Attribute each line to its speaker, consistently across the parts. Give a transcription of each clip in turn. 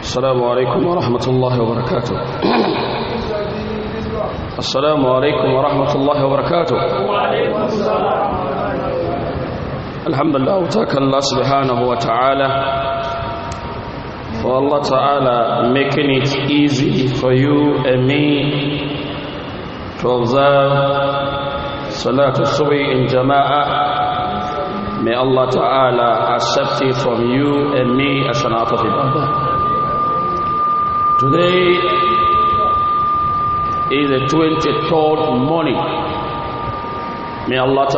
Speaker 1: السلام عليكم ورحمة الله وبركاته السلام عليكم ورحمة الله وبركاته الحمد لله وتعالى الله سبحانه وتعالى for Allah Ta'ala making it easy for you and me to observe Salatul Subhi in Jama'ah. May Allah Ta'ala accept it from you and me as an out Today is the 23rd morning. May Allah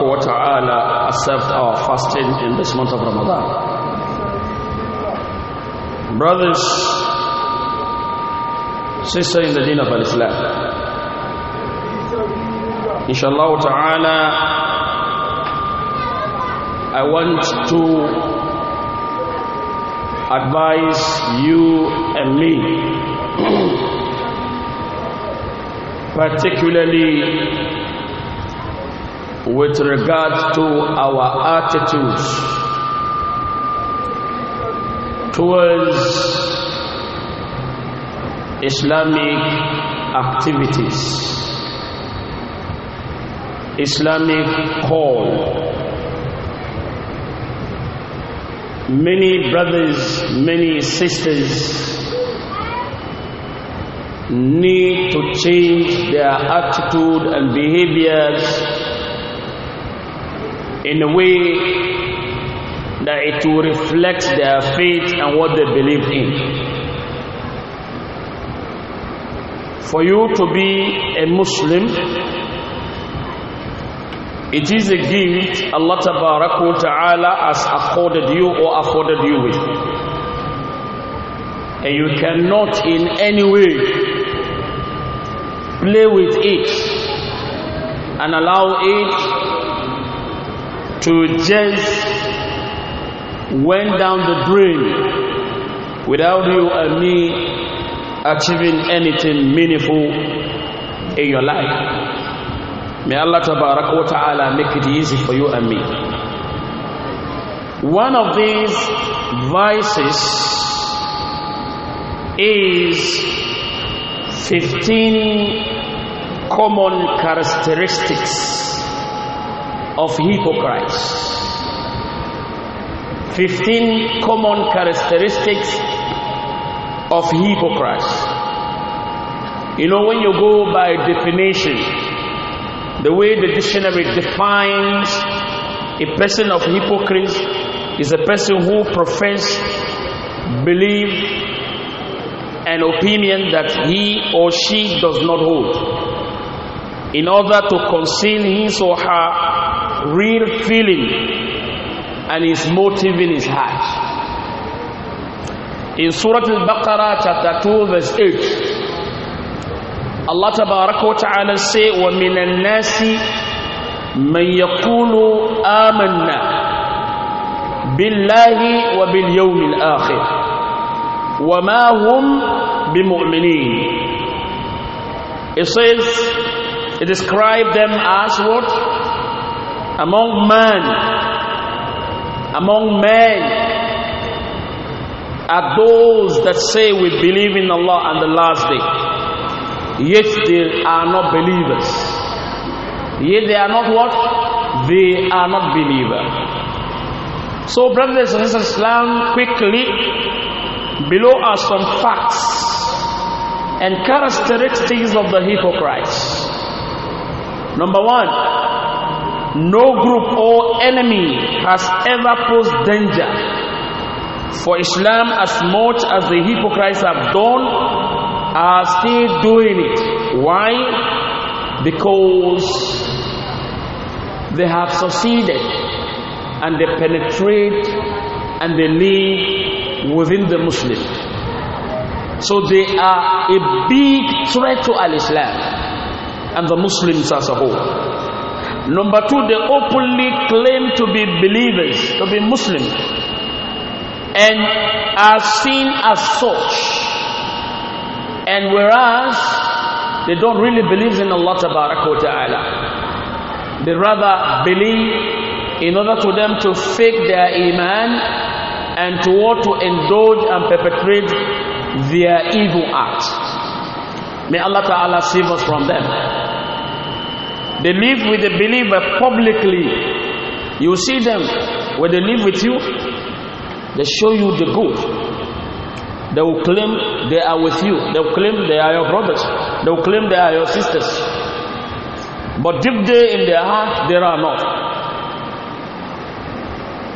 Speaker 1: wa ta'ala accept our fasting in this month of Ramadan. Brothers, sisters in the deen of Islam. Inshallah ta'ala, I want to advise you and me, particularly with regard to our attitudes towards Islamic activities, Islamic call. many brothers, many sisters need to change their attitude and behaviors in a way that it will reflect their faith and what they believe in. For you to be a Muslim, it is a gift Allah Ta'ala has accorded you or afforded you with. And you cannot in any way play with it and allow it to just went down the drain without you and me achieving anything meaningful in your life. May Allah ta'ala make it easy for you and me. One of these vices is 15 common characteristics of hypocrites. 15 common characteristics of hypocrites. You know, when you go by definition, the way the dictionary defines a person of hypocrisy is a person who professes belief and opinion that he or she does not hold in order to conceal his or her real feeling and his motive in his heart. In Surah Al Baqarah, chapter 2, verse 8. Allah tabaraka wa ta'ala say wa minan nasi man yaqulu amanna billahi wa bil yawmil akhir wa ma hum bimu'minin it says it describes them as what among man among men are those that say we believe in Allah and the last day Yet they are not believers. Yet they are not what? They are not believers. So, brothers and sisters, learn quickly below are some facts and characteristics of the hypocrites. Number one, no group or enemy has ever posed danger for Islam as much as the hypocrites have done are still doing it. Why? Because they have succeeded and they penetrate and they live within the Muslim. So they are a big threat to Al Islam and the Muslims as a whole. Number two, they openly claim to be believers, to be Muslims, and are seen as such and whereas they don't really believe in Allah Ta'ala, they rather believe in order for them to fake their iman and to want to indulge and perpetrate their evil acts. May Allah Ta'ala save us from them. They live with the believer publicly. You see them when they live with you, they show you the good. They will claim they are with you. They will claim they are your brothers. They will claim they are your sisters. But deep down in their heart, they are not.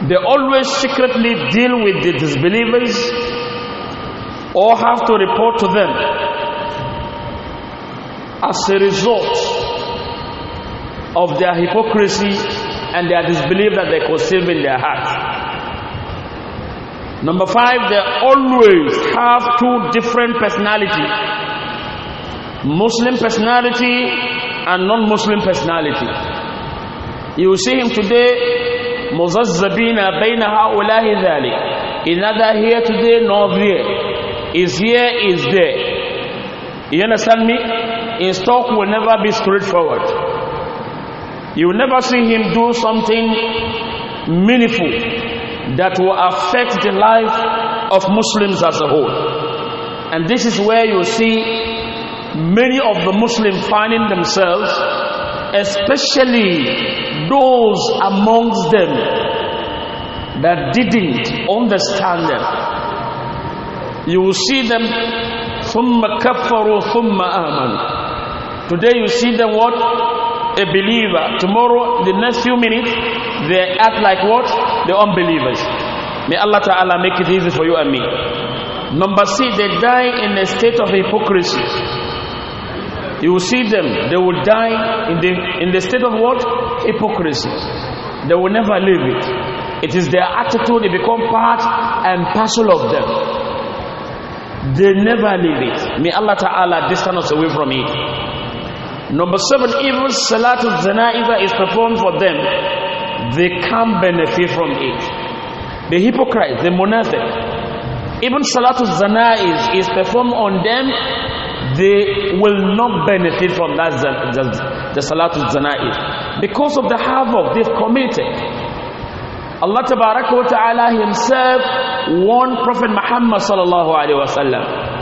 Speaker 1: They always secretly deal with the disbelievers or have to report to them. As a result of their hypocrisy and their disbelief that they conceive in their heart. Number five, they always have two different personality. Muslim personality and non-Muslim personality. You see him today, muzazzabina bayna ha'ulahi dhalik. Is neither here today nor there. Is here, is there. You understand me? His talk will never be straightforward. You will never see him do something meaningful that will affect the life of Muslims as a whole. And this is where you see many of the Muslims finding themselves, especially those amongst them that didn't understand them. You will see them ثم كفروا ثم آمنوا Today you see them what? A believer. Tomorrow, the next few minutes, they act like what? The unbelievers. May Allah Ta'ala make it easy for you and me. Number six, they die in a state of hypocrisy. You will see them, they will die in the, in the state of what? Hypocrisy. They will never leave it. It is their attitude, it become part and parcel of them. They never leave it. May Allah Ta'ala distance us away from it. Number seven, even Salatul Zanaiza is performed for them, they can't benefit from it. The hypocrite, the monastic, even Salatul Zanaiz is performed on them, they will not benefit from that the, the Salatul Zanaiz because of the havoc they've committed. Allah Ta'ala Himself warned Prophet Muhammad sallallahu alaihi wasallam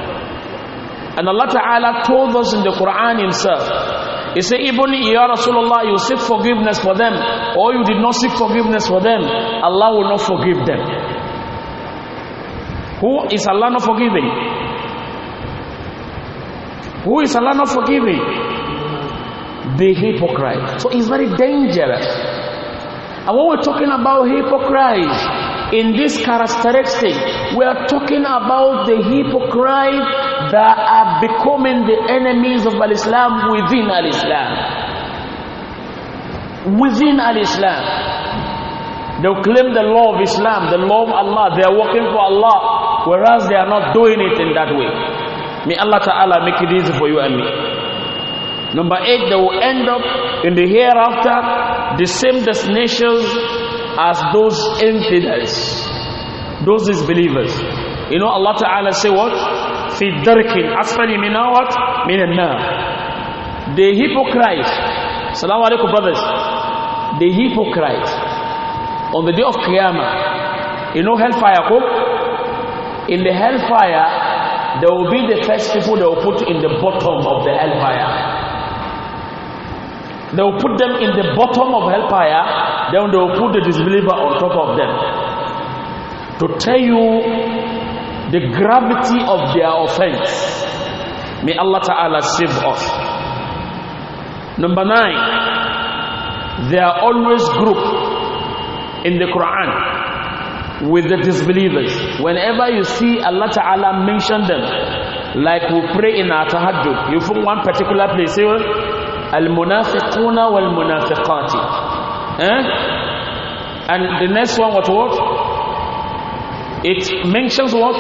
Speaker 1: and Allah Ta'ala told us in the Quran Himself, He said, Even Ya Rasulullah, you seek forgiveness for them, or you did not seek forgiveness for them, Allah will not forgive them. Who is Allah not forgiving? Who is Allah not forgiving? The hypocrite. So it's very dangerous. And when we're talking about hypocrisy, in this characteristic, we are talking about the hypocrite that are becoming the enemies of Al Islam within Al Islam. Within Al Islam. They'll claim the law of Islam, the law of Allah. They are working for Allah, whereas they are not doing it in that way. May Allah Ta'ala make it easy for you and me. Number eight, they will end up in the hereafter the same destinations as those infidels, those disbelievers. You know, Allah Ta'ala say what? في الدرك الأسفل من what? من النار the hypocrite salam alaikum brothers the hypocrite on the day of Qiyamah you know hellfire cook in the hellfire there will be the first people they will put in the bottom of the hellfire they will put them in the bottom of hellfire then they will put the disbeliever on top of them to tell you the gravity of their offense. May Allah Ta'ala save us. Number nine, they are always grouped in the Quran with the disbelievers. Whenever you see Allah Ta'ala mention them, like we pray in our tahajjud, you from one particular place, Al-Munafiquna wal-Munafiqati. Eh? And the next one, what? what? It mentions what?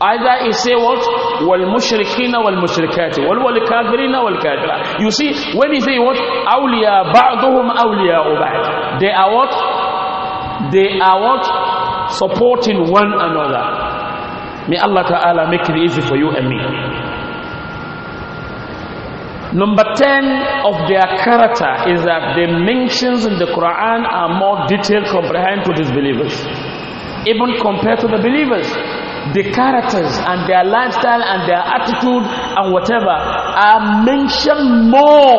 Speaker 1: Either he say what? Wal mushrikina wal mushrikati. Wal wal kafirina wal kafira. You see, when he say what? Awliya ba'duhum awliya ba'd. They are what? They are what? Supporting one another. May Allah Ta'ala make it easy for you and me. Number 10 of their character is that the mentions in the Quran are more detailed, comprehend to disbelievers, even compared to the believers the characters and their lifestyle and their attitude and whatever are mentioned more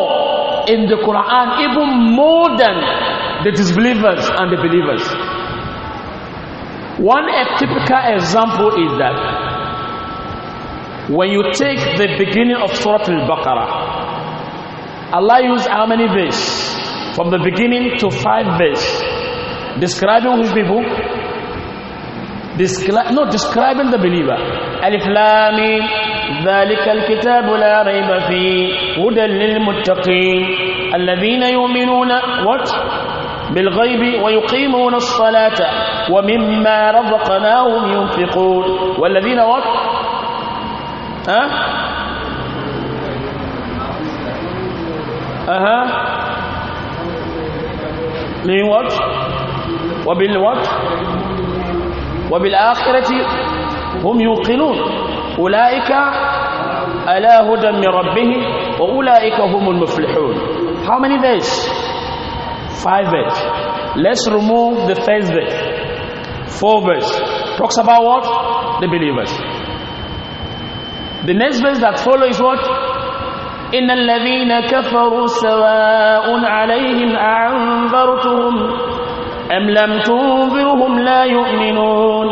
Speaker 1: in the Quran, even more than the disbelievers and the believers. One typical example is that when you take the beginning of Surah Al Baqarah, Allah used how many verses? From the beginning to five verses, describing His people? no describing the believer. Alif Lamim, ذلك الكتاب لا ريب فيه هدى للمتقين الذين يؤمنون what? بالغيب ويقيمون الصلاة ومما رزقناهم ينفقون والذين what? ها؟ أها من what? وبالوات وبالآخرة هم يوقنون أولئك على هدى من ربهم وأولئك هم المفلحون How many days? Five days. Let's remove the first verse Four verse. Talks about what? The believers. The next verse that follows is what? إن الذين كفروا سواء عليهم أعنذرتهم أم لم تنذرهم لا يؤمنون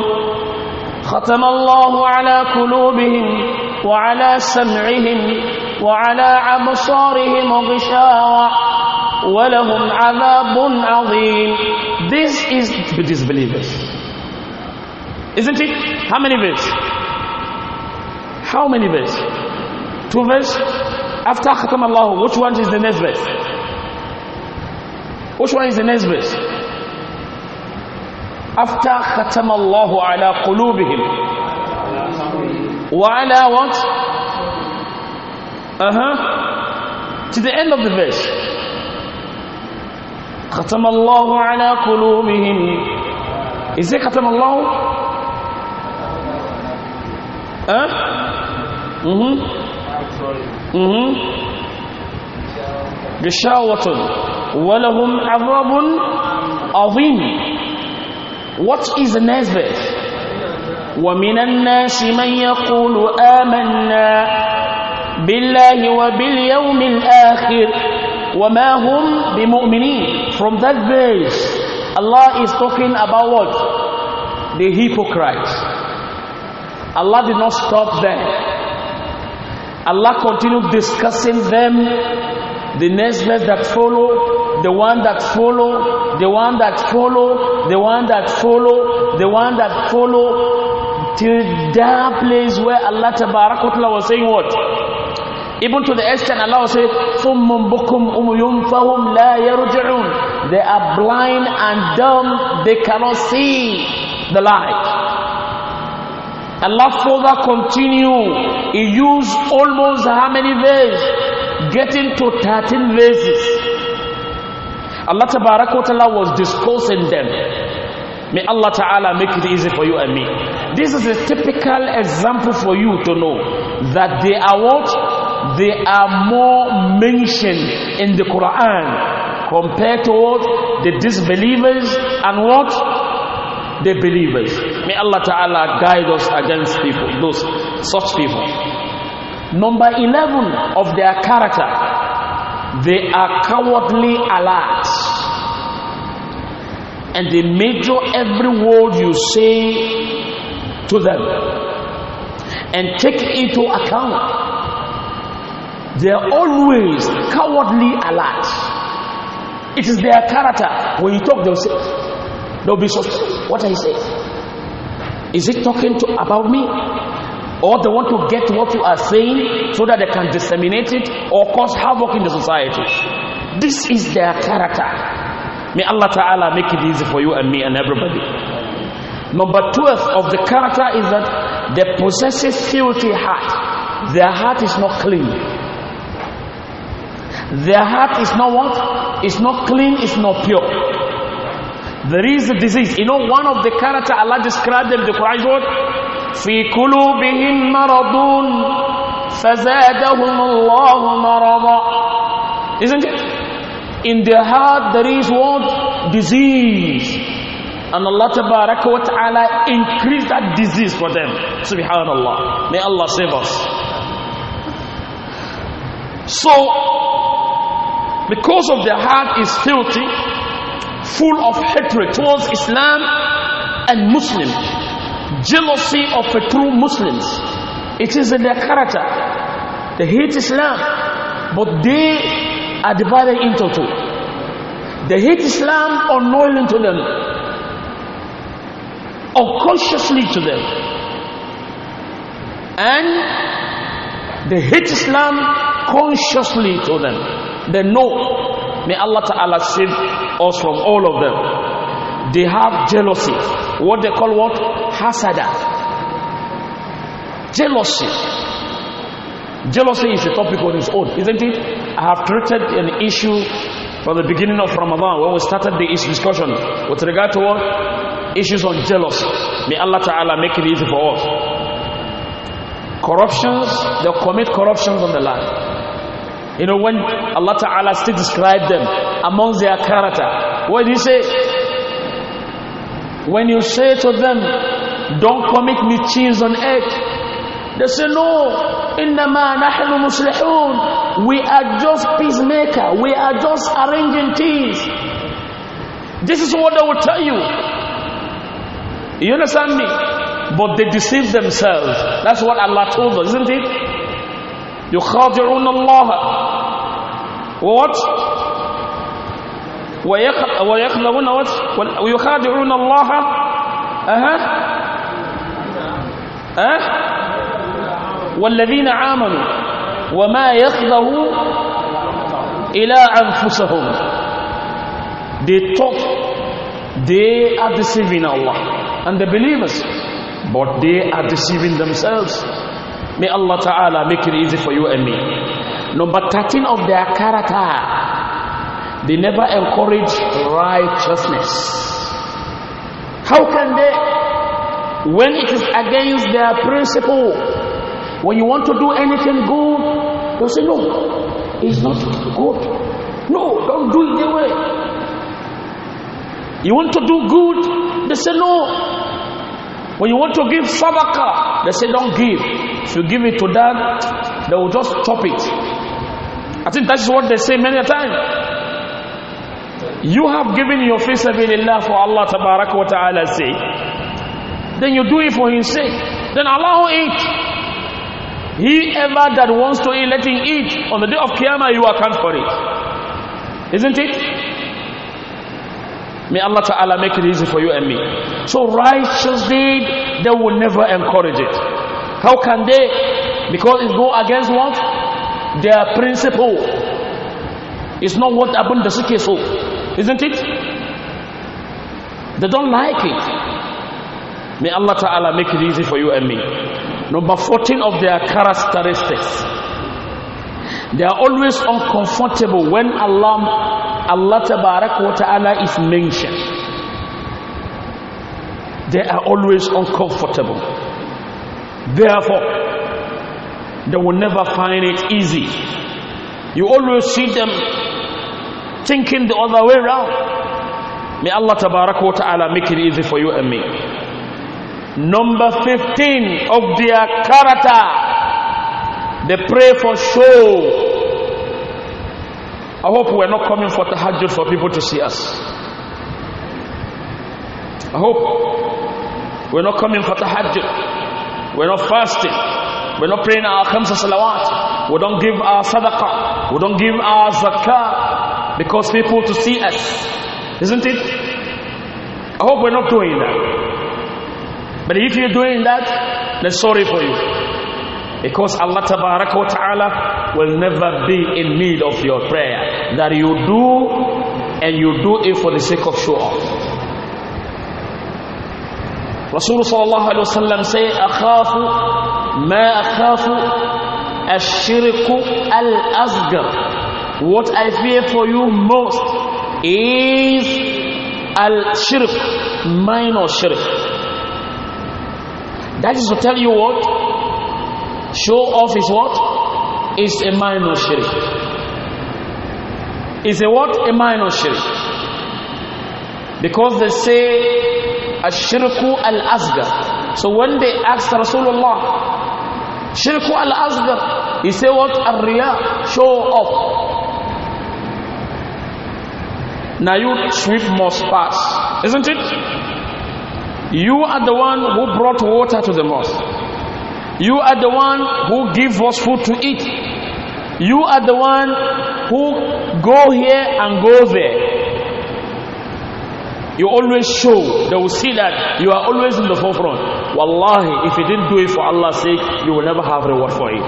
Speaker 1: ختم الله على قلوبهم وعلى سمعهم وعلى أبصارهم غشاوة ولهم عذاب عظيم This is the disbelievers Isn't it? How many verses? How many verses? Two verses? After Khatam Allah, which one is the next verse? Which one is the next verse? after ختم الله على قلوبهم وعلى what uh -huh. to the end of the verse ختم الله على قلوبهم is it ختم الله uh -huh. mm -hmm. بشاوة ولهم عذاب عظيم What is Nazbah? ومن الناس من يقول آمنا بالله وباليوم الآخر وما هم بمؤمنين From that verse, Allah is talking about what? The hypocrites. Allah did not stop them. Allah continued discussing them, the next verse that followed the one that follow, the one that follow, the one that follow, the one that follow, till that place where Allah Ta'ala was saying what? Even to the extent Allah was saying, um They are blind and dumb, they cannot see the light. Allah further continue. He used almost how many verses? Getting to 13 verses. Allah Ta'ala was disclosing them. May Allah Ta'ala make it easy for you and me. This is a typical example for you to know that they are what? They are more mentioned in the Quran compared to what? The disbelievers and what? The believers. May Allah Ta'ala guide us against people, those such people. Number 11 of their character they are cowardly alert and they measure every word you say to them and take into account they are always cowardly alert it is their character when you talk they'll say they'll be so what i say is he talking to, about me or they want to get what you are saying so that they can disseminate it or cause havoc in the society. This is their character. May Allah Ta'ala make it easy for you and me and everybody. Number 12 of the character is that they possess a filthy heart. Their heart is not clean. Their heart is not what? It's not clean, it's not pure. There is a disease. You know, one of the character Allah described them in the Quran is what? في قلوبهم مرض فزادهم الله مرضا Isn't it? In their heart there is what? Disease. And Allah wa ta'ala increased that disease for them. Subhanallah. May Allah save us. So, because of their heart is filthy, full of hatred towards Islam and Muslims jealousy of true Muslims. It is in their character. They hate Islam, but they are divided into two. They hate Islam unknowingly to them, unconsciously to them. And they hate Islam consciously to them. They know. May Allah Ta'ala save us from all of them they have jealousy. What they call what? Hasada. Jealousy. Jealousy is a topic on its own, isn't it? I have treated an issue from the beginning of Ramadan when we started this discussion with regard to what? Issues on jealousy. May Allah Ta'ala make it easy for us. Corruptions, they commit corruptions on the land. You know, when Allah Ta'ala still described them amongst their character, what did he say? When you say to them, don't commit mischief on earth, they say, no, innama nahnu muslihun. We are just peacemaker. We are just arranging things. This is what they will tell you. You understand me? But they deceive themselves. That's what Allah told us, isn't it? You own Allah. What? ويخلعون ويخادعون الله أها أه والذين آمنوا وما يخضعوا إلى أنفسهم they talk they are deceiving Allah and the believers but they are deceiving themselves may Allah Ta'ala make it easy for you and me number 13 of their character They never encourage righteousness. How can they, when it is against their principle, when you want to do anything good, you say, No, it's not good. No, don't do it that way. You want to do good, they say, No, when you want to give sabaka, they say don't give. If you give it to them, they will just chop it. I think that's what they say many a time you have given your face sabilillah for Allah tabarak wa ta'ala's sake, then you do it for his sake. Then allow it. He ever that wants to eat, let him eat. On the day of Qiyamah, you account for it. Isn't it? May Allah Ta'ala make it easy for you and me. So righteous deed, they will never encourage it. How can they? Because it go against what? Their principle. It's not what happened the suke so. Isn't it? They don't like it. May Allah Ta'ala make it easy for you and me. Number 14 of their characteristics. They are always uncomfortable when Allah, Allah Ta'ala is mentioned they are always uncomfortable. Therefore, they will never find it easy. You always see them thinking the other way around. May Allah tabarak wa ta'ala make it easy for you and me. Number 15 of their character, they pray for show. I hope we're not coming for tahajjud for people to see us. I hope we're not coming for tahajjud. We're not fasting. We're not praying our khamsa salawat. We don't give our sadaqah. We don't give our zakah because people to see us. Isn't it? I hope we're not doing that. But if you're doing that, then sorry for you. Because Allah Ta'ala will never be in need of your prayer. That you do and you do it for the sake of show off. Rasulullah sallallahu alayhi wa sallam say, أخاف ما أخاف الشرك الأصغر what I fear for you most is al shirk, minor shirk. That is to tell you what? Show off is what? Is a minor shirk. Is a what? A minor shirk. Because they say ashirku al asgar. So when they ask Rasulullah, shirku al asgar, he say what? Al show off. Nayut swift must pass. Isn't it? You are the one who brought water to the mosque. You are the one who gives us food to eat. You are the one who go here and go there. You always show. They will see that you are always in the forefront. Wallahi, if you didn't do it for Allah's sake, you will never have reward for it.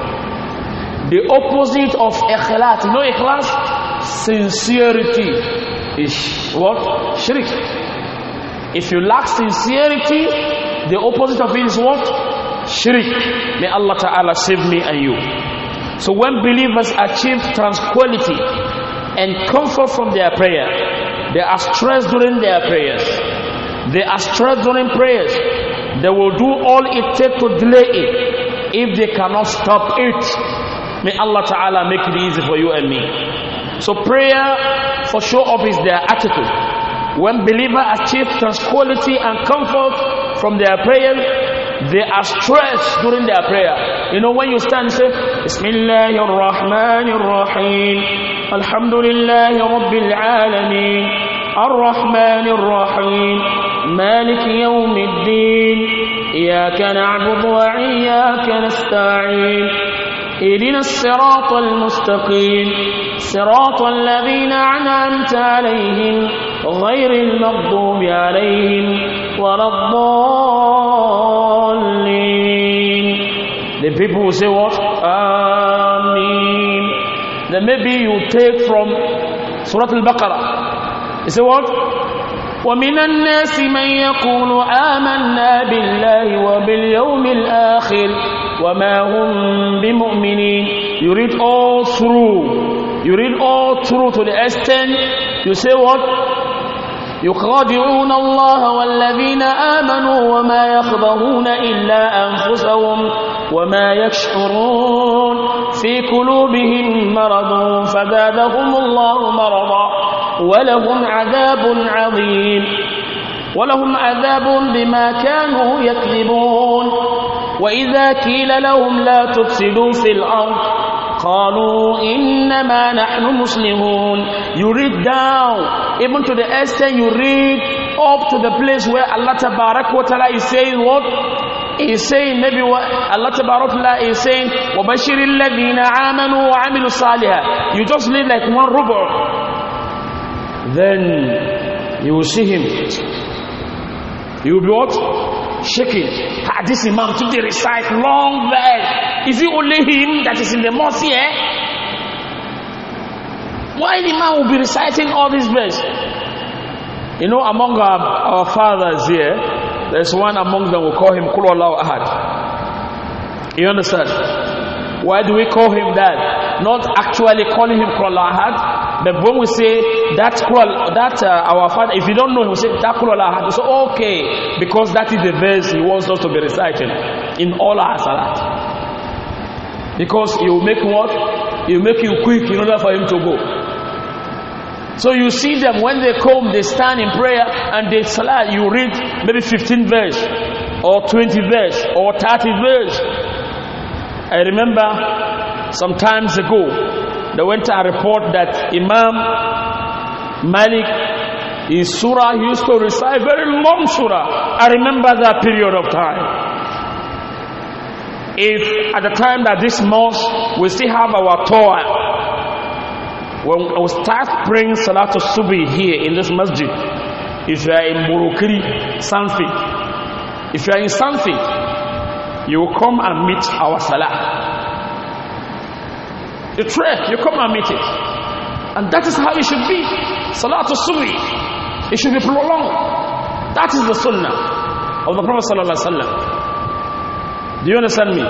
Speaker 1: The opposite of ikhlas, you know ikhlas? Sincerity is what? Shirk. If you lack sincerity, the opposite of it is what? Shirk. May Allah Ta'ala save me and you. So when believers achieve tranquility and comfort from their prayer, they are stressed during their prayers. They are stressed during prayers. They will do all it takes to delay it if they cannot stop it. May Allah Ta'ala make it easy for you and me. So prayer for show up is their attitude. When believers achieve tranquility and comfort from their prayer, they are stressed during their prayer. You know, when you stand, say, Bismillah ar-Rahman ar-Rahim, Alhamdulillah Rabbil Alameen, Ar-Rahman ar-Rahim, Malik Yawm al-Din, إياك نعبد وإياك نستعين اهدنا الصراط المستقيم صراط الذين أنعمت عليهم غير المغضوب عليهم ولا الضالين The people will say what? amen Then maybe you take from Surah Al-Baqarah You say what? ومن الناس من يقول آمنا بالله وباليوم الآخر وما هم بمؤمنين you read all through you read all through to the extent you say what يخادعون الله والذين آمنوا وما يخضعون إلا أنفسهم وما يشعرون في قلوبهم مرض فزادهم الله مرضا ولهم عذاب عظيم ولهم عذاب بما كانوا يكذبون وإذا قيل لهم لا تفسدوا في الأرض قالوا إنما نحن مسلمون you read down even to the extent you read up to the place where Allah Ta'ala is saying what He's saying maybe what Allah Ta'ala is saying وَبَشِرِ الَّذِينَ آمَنُوا وَعَمِلُوا الصَّالِحَةِ you just live like one rubber. then you will see him you will be what shaking. At ah, this Imam today recite long verse. Is it only him that is in the mosque here? Why the man will be reciting all these verse? You know, among our, our fathers here, there's one among them we call him Kulallah Ahad. You understand? Why do we call him that? Not actually calling him Kulallah Ahad, but when we say that that uh, our father, if you don't know, he will say that kulala had. So okay, because that is the verse he wants us to be reciting in all our salat. Because he will make what? He will make you quick in order for him to go. So you see them when they come, they stand in prayer and they salat. You read maybe 15 verse, or 20 verse, or 30 verse. I remember some times ago they went a report that Imam Malik, in surah, he used to recite very long surah. I remember that period of time. If at the time that this mosque, we still have our Torah, when we start praying Salatul Subi here in this masjid, if you are in Murukiri, something, if you are in something, you will come and meet our Salah. You pray, you come and meet it. And that is how it should be. Salatul Subhi. It should be prolonged. That is the sunnah of the Prophet. wasallam. Do you understand me?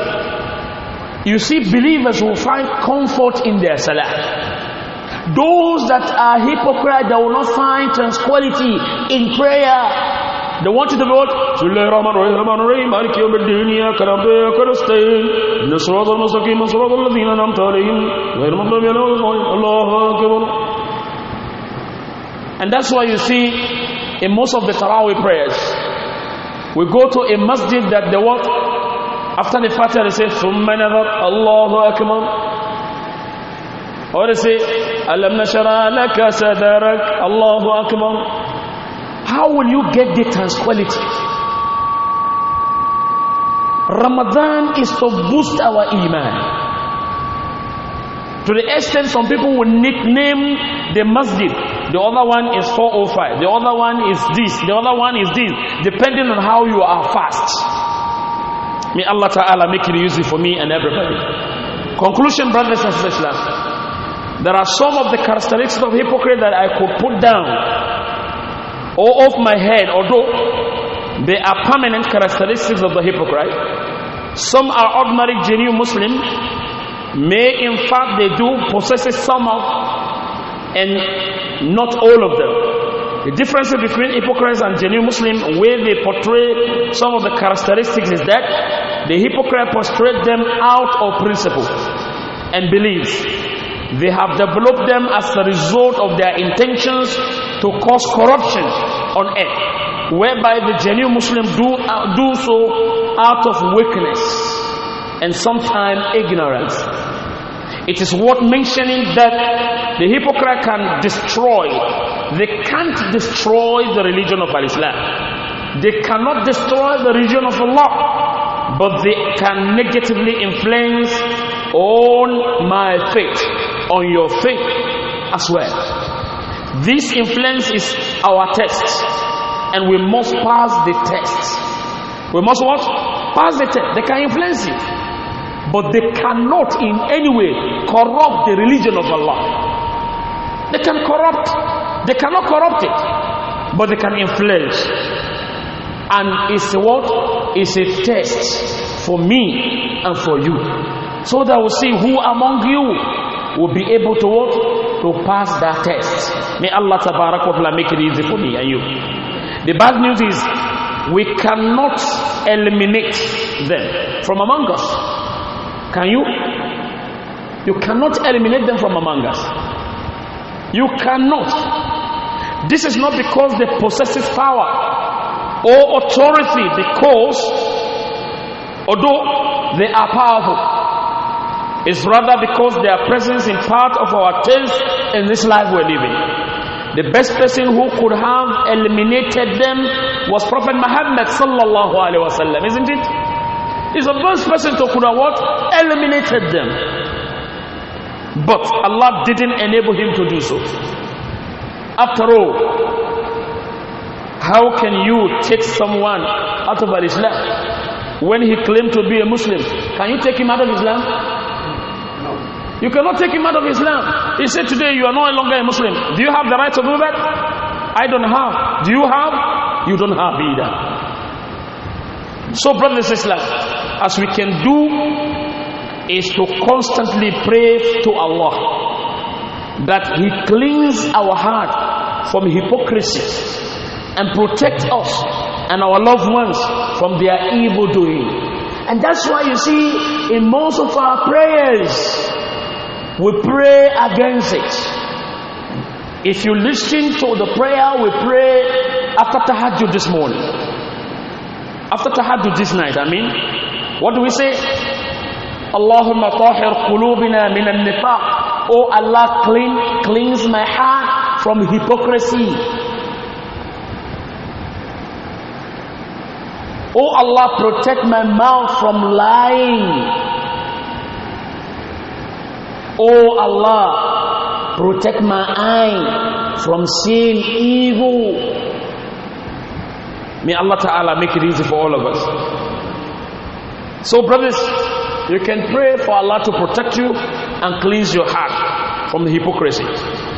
Speaker 1: You see, believers will find comfort in their salah. Those that are hypocrite, they will not find tranquility in prayer. They want you to vote. Bismillahirrahmanirrahim. مالك يوم الدين إياك نعبد وإياك نستعين. إن الصراط المستقيم صراط الذين أنعمت عليهم غير المغضوب عليهم الله أكبر. And that's why you see in most of the Taraweeh prayers, we go to a masjid that they what? After the Fatiha, they say, ثم نظر الله Akbar, Or they say, ألم نشرع لك صدرك الله أكبر. How will you get the tranquility? Ramadan is to boost our Iman. To the extent some people will nickname the masjid. The other one is 405. The other one is this. The other one is this. Depending on how you are fast. May Allah Ta'ala make it easy for me and everybody. Conclusion, brothers and sisters. There are some of the characteristics of hypocrite that I could put down or off my head, although they are permanent characteristics of the hypocrite. Some are ordinary genuine Muslims, may in fact they do possess some of and not all of them. The difference between hypocrites and genuine Muslim, where they portray some of the characteristics, is that the hypocrite portrays them out of principle and beliefs. They have developed them as a result of their intentions to cause corruption on earth, whereby the genuine Muslim do, uh, do so out of weakness and sometimes ignorance. It is worth mentioning that the hypocrite can destroy, they can't destroy the religion of Islam. They cannot destroy the religion of Allah, but they can negatively influence on my faith, on your faith as well. This influence is our test, and we must pass the test. We must what? Pass the test. They can influence it, but they cannot in any way corrupt the religion of Allah. They can corrupt, they cannot corrupt it, but they can influence. And it's what? It's a test for me and for you. So that we'll see who among you will be able to what? to pass that test. May Allah Ta'ala make it easy for me and you. The bad news is we cannot eliminate them from among us. Can you? You cannot eliminate them from among us. You cannot. This is not because they possess power or authority, because although they are powerful, it's rather because their presence in part of our taste in this life we're living. The best person who could have eliminated them was Prophet Muhammad sallallahu alaihi wasallam, isn't it? He's the best person to could have what? Eliminated them. But Allah didn't enable him to do so. After all, how can you take someone out of Islam when he claimed to be a Muslim? Can you take him out of Islam? You cannot take him out of Islam. He said, Today you are no longer a Muslim. Do you have the right to do that? I don't have. Do you have? You don't have either. So, brothers and sisters, as we can do is to constantly pray to Allah that He cleans our heart from hypocrisy and protect us and our loved ones from their evil doing. And that's why you see in most of our prayers, we pray against it. If you listen to the prayer we pray after tahajjud this morning, after tahajjud this night, I mean, what do we say? Allahumma tahir qulubina min al-nifaq. Oh Allah, clean, cleanse my heart from hypocrisy. Oh Allah, protect my mouth from lying. Oh Allah, protect my eye from seeing evil. May Allah Ta'ala make it easy for all of us. So, brothers, you can pray for Allah to protect you and cleanse your heart from the hypocrisy.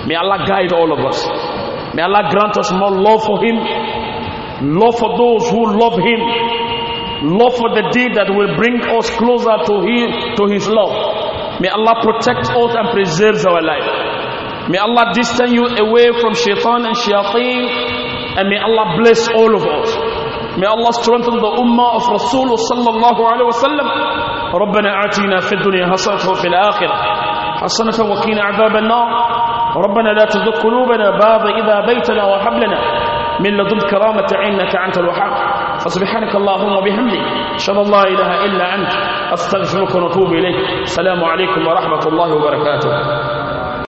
Speaker 1: May Allah guide all of us. May Allah grant us more love for Him, love for those who love Him, love for the deed that will bring us closer to Him, to His love. May Allah protect us and preserves our life. May Allah distance you away from shaitan and shayateen. And may Allah bless all of us. May Allah strengthen the ummah of Rasulullah sallallahu alayhi wa sallam. ربنا آتنا في الدنيا حسنة وفي الآخرة حسنة وقنا عذاب النار ربنا لا تزغ قلوبنا بعد إذا بيتنا وَحَبْلَنَا من لدنك كرامة إنك أنت الوهاب فسبحانك اللهم وبحمدك أشهد أن لا إله إلا أنت أستغفرك ونتوب إليك السلام عليكم ورحمة الله وبركاته